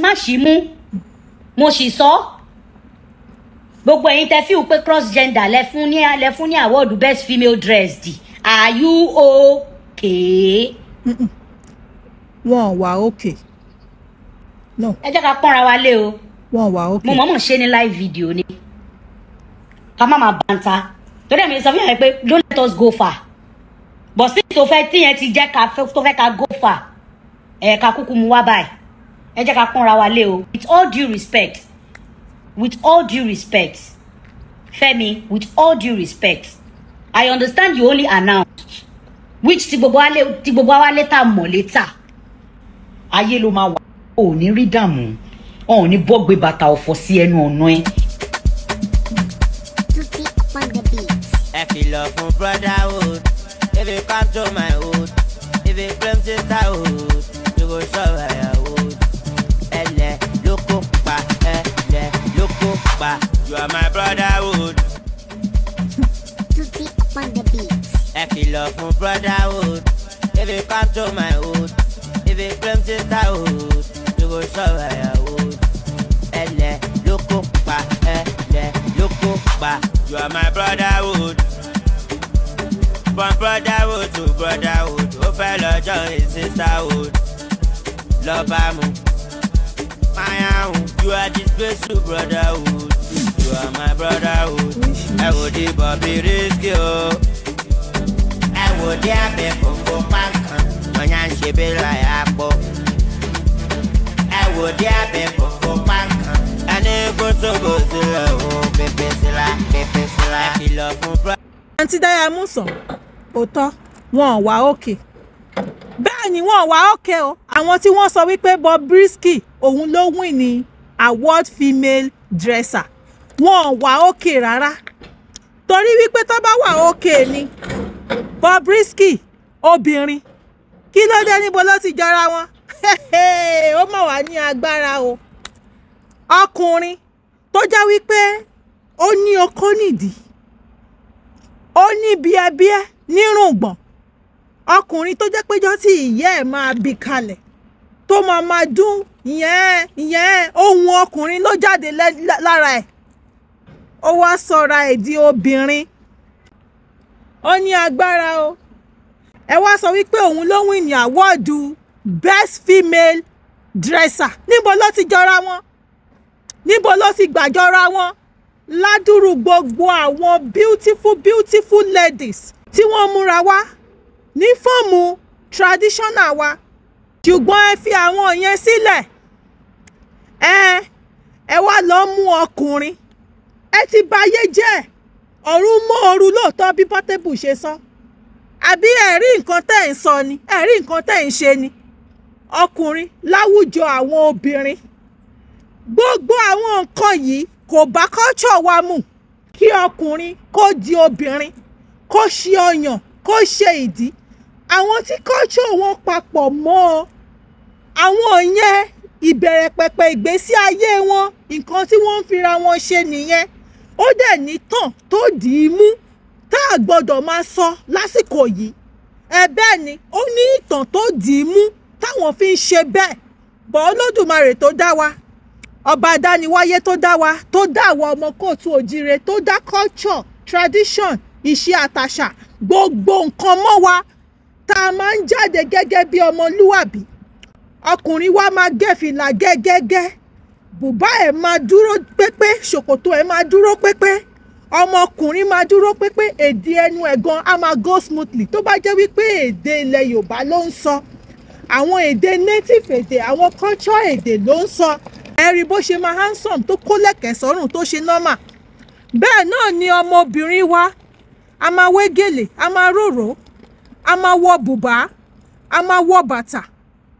má ṣì mú mo sì sọ gbogbo ẹ̀yin tẹ́ fíw pé cross gender lẹ fún ní lẹ fún ní award best female dressed are you okay. wọn wà okay. ẹ jẹ́ ká pọ́nra wa lé o wọn wà okay. mo mọ̀ọ́mọ̀ ṣe ní live video ni ká má máa bàǹtà torí ẹ̀mí sọ fún yàrá pé don't let us go far bọ̀ sí tó fẹ́ tíyẹn ti jẹ́ ká tó fẹ́ ká go far ẹ̀ka kúkú mu wá báyìí ẹ jẹ́ ká pọ́nra wa lé o with all due respect with all due respect Femi, with all due respect I understand you only announced which ti gbogbo alẹ́ ti gbogbo awa lẹ́tà mọ̀ lẹ́tà ayé ló máa wà ò ní rí dààmú ò ní bọ́gbé bàtà ọ̀fọ̀ sí ẹnu ọ̀nà ẹ. ẹ kìlọ̀ fún brotherhood if you come to my hood if you claim sisterhood you go show my hood ẹlẹ lóko pa ẹlẹ lóko pa you are my brotherhood. tuti on the beat. ẹ kìlọ̀ fún brotherhood if you come to my hood if you claim sisterhood you go sọ̀rọ̀ ẹ̀yàwó ẹlẹ lóko pa ẹlẹ lóko pa you are my brotherhood. from brotherhood to brotherhood ó fẹ́ lọ́jọ́ his sisterhood lọ́ba mu. You are the special brotherhood. You are my brotherhood. I will the Bobby Risky. I will the Abbey for Pack. When I she be like Apple. I will the Abbey for Pack. And it goes so goes to love. Pepe Silla, Pepe Silla. I feel Àǹtí Dáyà Músàn, òótọ́, wọn ò wá òkè. Bẹ́ẹ̀ ni wọn ò wá òkè o, àwọn tí wọ́n sọ wípé Bob Risky òun ló wìn ni. award female dresser wọn wà òkè rárá torí wípé tó bá wà òkè ni Bobrisky obìnrin kí ló dé níbo ló ti jọra wọn ó mọ̀ wá ní agbára o ọkùnrin tó jẹ́ wípé ó ní ọkọ nídìí ó ní bíẹ́bíẹ́ nírùngbọ̀n ọkùnrin tó jẹ́ péjọ́ tí ìyá ẹ̀ máa bì kalẹ̀ tó máa máa dún ìyẹn ìyẹn ohun ọkùnrin ló jáde lára ẹ̀ ó wá sọra ẹ̀ di obìnrin ó ní agbára o ẹ wá sọ wípé òun ló win ní àwọ́ọ̀dù best female dresser níbo ló ti jọra wọn níbo ló ti gbàjọra wọn ládùúrú gbogbo àwọn beautiful beautiful ladies tí wọ́n múra wá ní fọ́ọ̀mù traditional wa ṣùgbọ́n ẹ fi àwọn yẹn sílẹ̀. Si ẹ ẹ wá lọ mú ọkùnrin ẹ ti bayé jẹ́ ọ̀run mọ́ ooru lóòótọ́ bí Portable ṣe sọ àbí ẹ̀rí nǹkan tẹ̀ ń sọ ni ẹ̀rí nǹkan tẹ̀ ń ṣe ni ọkùnrin láwùjọ àwọn obìnrin gbogbo àwọn nǹkan yìí kò bá culture wa mu kí ọkùnrin kó di obìnrin kó ṣe ọyàn kó ṣe ìdí àwọn tí culture wọn papọ̀ mọ́ ọ àwọn yẹn ìbẹ̀rẹ̀ pẹ̀pẹ̀ ìgbésí ayé wọn nǹkan tí wọ́n ń fira wọn ṣe nìyẹn ó dẹ̀ ní tàn tó dì í mú tá a gbọ́dọ̀ máa sọ lásìkò yìí ẹ bẹ́ẹ̀ ni ó ní ìtàn tó dì í mú táwọn fi ń ṣe bẹ́ẹ̀ bọ́ olódùmarè tó dá wa ọba adániwáyé tó dá wa tó dá àwọn ọmọ kóòtù òjire tó dá culture tradition ìṣe àtàṣà gbogbo nǹkan mọ́ wa tá a máa ń jáde gẹ́gẹ́ bí ọmọlúwàbí ọkùnrin wa máa gé fìlà gẹ́gẹ́gẹ́ bùbá ẹ̀ máa dúró pépé ṣòkòtò ẹ̀ máa dúró pépé ọmọkùnrin máa dúró pépé èdè ẹnu ẹ̀ gan á máa go smoothly tó bá jẹ́ wípé èdè ilẹ̀ Yorùbá ló ń sọ àwọn èdè native èdè àwọn culture èdè ló ń sọ ẹ̀rí bó ṣe máa handsome tó kó lẹ̀kẹ̀ sọ́rùn tó ṣe normal bẹ́ẹ̀ náà ni ọmọbìnrin wa a máa wé gèlè a máa ròrò a máa wọ bùbá a máa wọ bàtà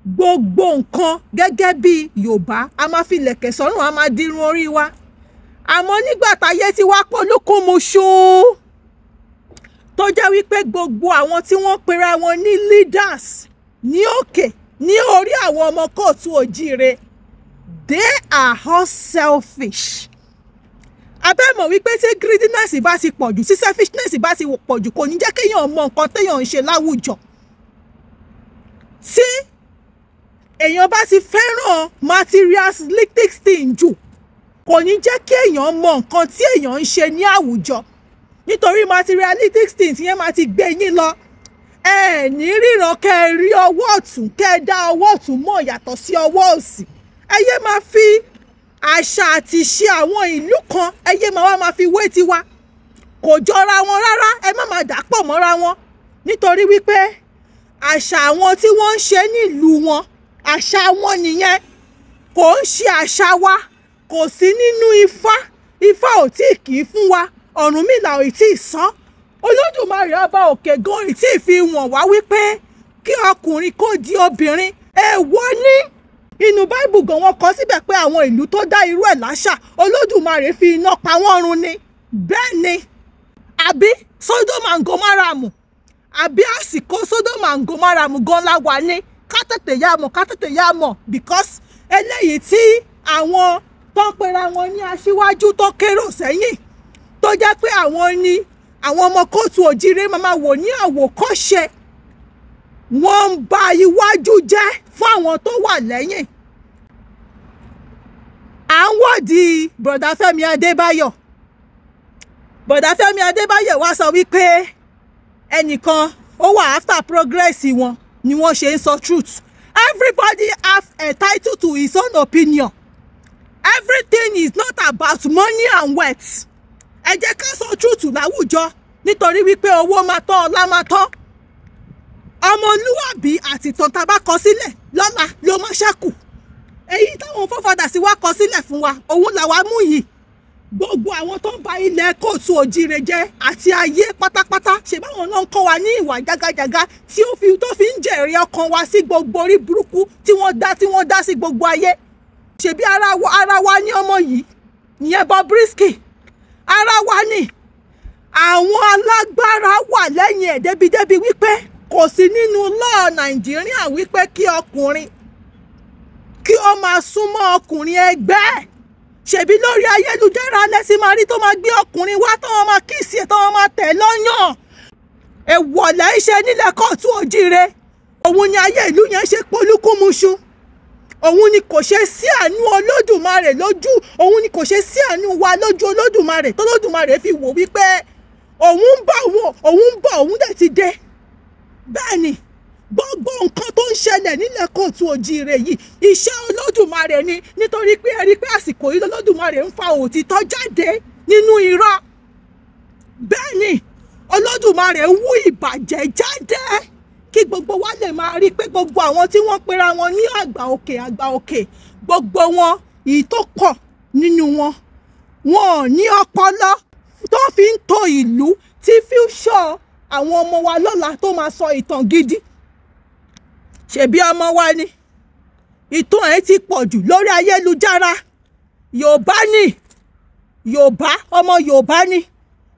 gbogbo nǹkan gẹ́gẹ́ bí yorùbá a máa fi lẹ̀kẹ̀ sọ́rùn a máa dirun orí wa àmọ́ nígbà táyé ti wá polúkún mu ṣùn tó jẹ́ wípé gbogbo àwọn tí wọ́n pera wọn ní leaders ní òkè ní orí àwọn ọmọ kóòtù òjíire they are all selfish abẹ́ mọ̀ wípé tí greediness bá ti pọ̀jù tí selfishness bá ti pọ̀jù kò ní jẹ́ kéèyàn mọ nǹkan téèyàn ń ṣe láwùjọ tí èèyàn bá ti fẹ́ràn materialistic thing jù kò ní jẹ́ kí èèyàn mọ nǹkan tí èèyàn ń ṣe ní àwùjọ nítorí materialistic thing yẹn máa ti gbé yín lọ ẹ ní ríran kẹ ẹ rí ọwọ́ ọ̀tún kẹ ẹ dá ọwọ́ ọ̀tún mọ̀ yàtọ̀ sí ọwọ́ òsì ẹ yé máa fi àṣà àti ìṣe àwọn ìlú kan ẹ yé máa wá máa fi wé tiwa kò jọra wọn rárá ẹ má máa dà pọ̀ mọ́ra wọn nítorí wípé àṣà àwọn tí wọ́n ń ṣe nílùú wọn àṣà wọn nìyẹn kò ń ṣe àṣà wa kò sí nínú ifá ifá ò tí kì í fún wa ọ̀rúnmìlà ò tí ì san olódùmarè ọba òkè gan ò tí ì fi wọ̀n wá wípé kí ọkùnrin kó di obìnrin èèwọ̀ ni inú báìbù gan wọn kọ síbẹ̀ pé àwọn ìlú tó dá irú ẹ̀ láṣà olódùmarè fi iná pa wọ́n run ni bẹ́ẹ̀ ni àbí sódòmà ń gomaramu àbí àsìkò sódòmà gan la wà ní ká tètè yá mọ̀ ká tètè yá mọ̀ because eléyìí tí àwọn tó ń pera wọn ní aṣíwájú tó kérò sẹ́yìn tó jẹ́ pé àwọn ni àwọn ọmọ kóòtù òjíire máa wò ní àwòkọ́ṣe wọ́n ń ba iwájú jẹ́ fún àwọn tó wà lẹ́yìn à ń wọ́ọ̀dì bọ̀dá Fẹ́mi Adébáyọ̀ bọ̀dá Fẹ́mi Adébáyọ̀ wá sọ wípé ẹnìkan ó wà after progress wọn ni wọ́n ṣe ń sọ truth everybody have entitled to his own opinion everything is not about money and wealth ẹ jẹ́ ká sọ truth láwùjọ nítorí wípé owó máa tọ́ ọlá máa tọ́ ọmọlúwàbí àti ìtàn tá a bá kọ sílẹ̀ lọ́la ló máa ṣẹ́kù èyí táwọn fọ́fadà sí wa kọ sílẹ̀ fún wa òun làwa mú yìí gbogbo àwọn tó ń ba ilẹ̀ kóòtù òjire jẹ́ àti ayé pátápátá ṣe báwọn náà ń kọ́ wa ní ìwà jagajaga tí ó fi tó fi ń jẹ̀rí ọkàn wa sí gbogbo orí burúkú tí wọ́n dá tí wọ́n dá sí gbogbo ayé ṣebí ara wa ara wa ní ọmọ yìí ìyẹn Bobrisky ara wa ni àwọn alágbára wà lẹ́yìn ẹ̀ débidébi wípé kò sí nínú lọ́ọ̀ Nàìjíríà wípé kí ọkùnrin kí ó máa súnmọ́ ọkùnrin ẹgbẹ́ ẹ̀ ṣebí lórí ayélujára lẹ́sìn máa rí tó máa gbé ọkùnrin wá tó wọn máa kíìsì tó wọn máa tẹ̀ lọ́yàn èwọ̀lẹ̀ iṣẹ́ nílẹ̀ kóòtù òjíire òun ni ayé ìlú yẹn ṣe polúkúmuṣu òun ni kò ṣe sí àánú olódùmarè lójú òun ni kò ṣe sí àánú wa lójú olódùmarè tólódùmarè fi wò wípé òun ń bọ̀ òun ń bọ̀ òun dẹ̀ ti dé bẹ́ẹ̀ ni gbogbo nǹkan tó ń ṣẹlẹ̀ nílẹ̀ kóòtù òjíire yìí iṣẹ́ olódùmarè ni nítorí pé ẹ rí pé àsìkò yìí olódùmarè ń fa òtítọ́ jáde nínú irọ́ bẹ́ẹ̀ ni olódùmarè ń wú ìbàjẹ́ jáde kí gbogbo wa lè máa rí i pé gbogbo àwọn tí wọ́n pera wọn ní àgbà òkè àgbà òkè gbogbo wọn èyí tó pọ̀ nínú wọn wọn ò ní ọpọlọ tó fi ń tò ìlú tí fíúṣọ àwọn ọmọ wa lọ́la tó máa sọ ìtàn gidi ṣebí ọmọ wa ni ìtàn ẹ̀ ti pọ̀ jù lórí ayélujára yorùbá ni yorùbá ọmọ yorùbá ni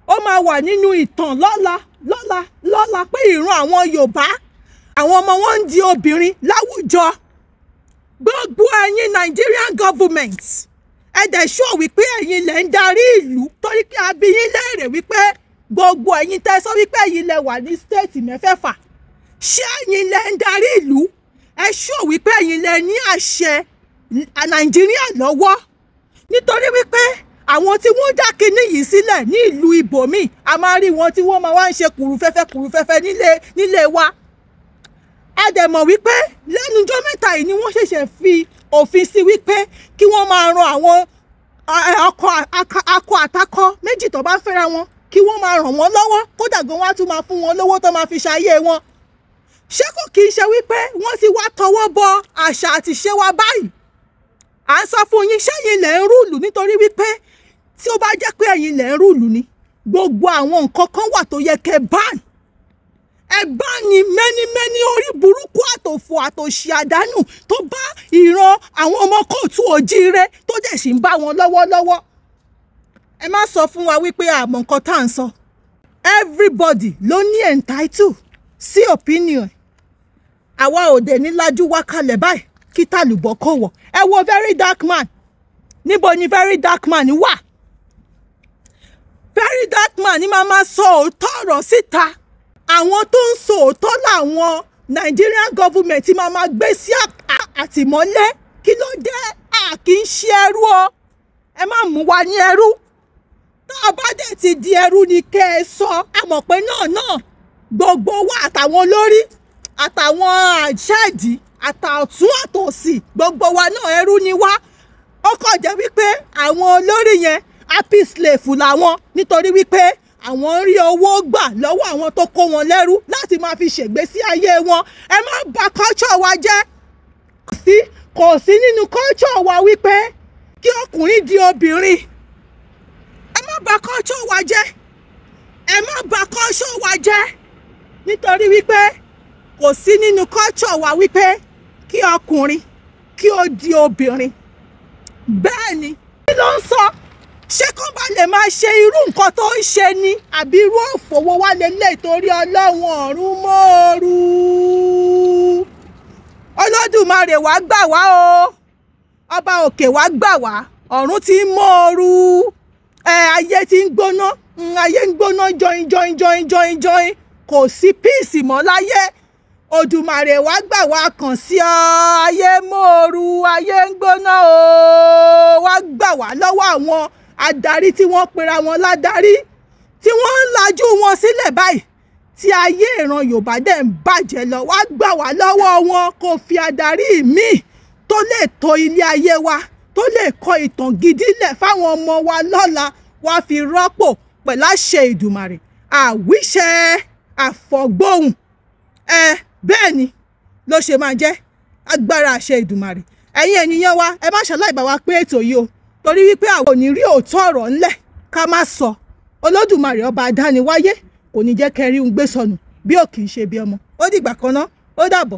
ó máa wà nínú ìtàn lọ́la lọ́la lọ́la pé ìran àwọn yorùbá àwọn ọmọ wọn ń di obìnrin láwùjọ gbogbo ẹ̀yin Nigerian government ẹ dẹ̀ ṣọ́ wípé ẹ̀yin lẹ̀ ń darí ìlú torí kí a bi yín léèrè wípé gbogbo ẹ̀yin tẹ́ sọ wípé ẹ̀yin lẹ wà ní stéètì mẹ́fẹ̀ẹ̀fà ṣé ẹ̀yin lẹ ń darí ìlú ẹ ṣó wípé ẹ̀yin lẹ ní àṣẹ nàìjíríà lọ́wọ́ nítorí wípé àwọn tí wọ́n dá kinní yìí sílẹ̀ ní ìlú ibòmí a máa rí wọn tí wọ́n máa wá ń ṣe kùrùfẹ́fẹ́ kùrùfẹ́fẹ́ nílé nílé wa a dẹ̀ mọ̀ wípé lẹ́nujọ́ mẹ́ta yìí ni wọ́n ṣẹ̀ṣẹ̀ fi òfin sí wípé kí wọ́n máa ran àwọn ọkọ akọ àtakọ méjì tó bá fẹ́ra wọn kí wọ́n máa ràn wọ́n lọ́wọ́ kódà gan wọ́n á tún máa fún wọn lówó tó máa fi ṣayé wọn ṣé kò kì í ṣe wípé wọ́n ti wá tọwọ́ bọ àṣà àti ṣe wa báyìí à ń sọ fún yín ṣẹ́yìn lẹ̀ ń rúùlù nítorí wípé tí ó bá jẹ́ pé ẹ̀yin lẹ̀ ń rúùlù ni gbogbo àwọn nǹkan kan wà tó yẹ kẹ́ báyìí ẹ bá ní mẹ́nímẹ́ní orí burúkú àtòfò àtòṣì àdánù tó bá ìran àwọn ọmọ kóòtù òjíire tó dẹ̀ sì ń bá wọn lọ́wọ́lọ́wọ́ ẹ má sọ fún wa wípé àmọ̀ nǹkan tá à ń sọ everybody ló ní entitled sí opinion àwa òde ní lájú wá kalẹ̀ báyìí kí tàlùbọ̀ kọ̀ wọ̀ ẹ wo very dark man níbo ni very dark man wà very dark man ni màmá sọ òótọ́ ọ̀rọ̀ síta àwọn tó ń sọ òótọ́ làwọn Nigerian government ti máa máa gbé sí àtìmọ́lé kí ló dé a kì í ṣe ẹrú o ẹ má mú wa ní ẹrú tá a bá dẹ̀ ti di ẹrú ni kẹ́ ẹ sọ a mọ̀ pé náà náà gbogbo wa àtàwọn olórí àtàwọn àjáàdì àtàtún àtòsì gbogbo wa náà ẹrú ni wá ó kàn jẹ́ wípé àwọn olórí yẹn happy slave làwọn nítorí wípé àwọn ń rí owó gbà lọ́wọ́ àwọn tó kó wọn lẹ́rú láti máa fi ṣègbésí ayé wọn ẹ má bà culture wa jẹ́ sí kò sí nínú culture wa wípé kí ọkùnrin di obìnrin ẹ má bà culture wa jẹ́ ẹ má bà culture wa jẹ́ nítorí wípé kò sí nínú culture wa wípé kí ọkùnrin kí ó di obìnrin bẹ́ẹ̀ ni kí ló ń sọ ṣé kó bá lè máa ṣe irú nǹkan tó ń ṣe ni àbí irú òfòwò wá lélẹ̀ torí ọlọ́run ọ̀run mọ́ọ̀rù olódùmarè wá gbà wá o ọba òkè wá gbà wá ọ̀run ti ń mọ́ọ̀rù ayé ti ń gbóná ayé ń gbóná jọin jọin jọin jọin jọin kò sí píìsì mọ́ láyé Òdùmarè wá gbà wá kàn sí ọ ayé mòoru ayé ń gbóná o wá gbà wá lọ́wọ́ àwọn adarí tí wọ́n pera wọn ládarí tí wọ́n ń lajú wọn sílẹ̀ báyìí tí ayé ìran Yorùbá dẹ̀ ń bàjẹ́ lọ wá gbà wá lọ́wọ́ wọn kó fi adarí míì tó lè tọ́ ilé ayé wa tó lè kọ ìtàn gidi lẹ̀ fáwọn ọmọ wa lọ́la wá fi rọ́pò pẹ̀láṣẹ Ìdùmarè àwíṣẹ àfọ̀gbóhùn ẹ. Eh, bẹ́ẹ̀ ni ló ṣe máa jẹ́ agbára àṣẹ ìdùmarè ẹ̀yin ènìyàn wa ẹ má ṣàlàyé wa pé ètò yìí o torí wípé àwọn ò ní rí òótọ́ ọ̀rọ̀ ńlẹ̀ ká má sọ olódùmarè ọba adániwáyé kò ní jẹ́ kẹrí ń ọmọ ó dìgbà kan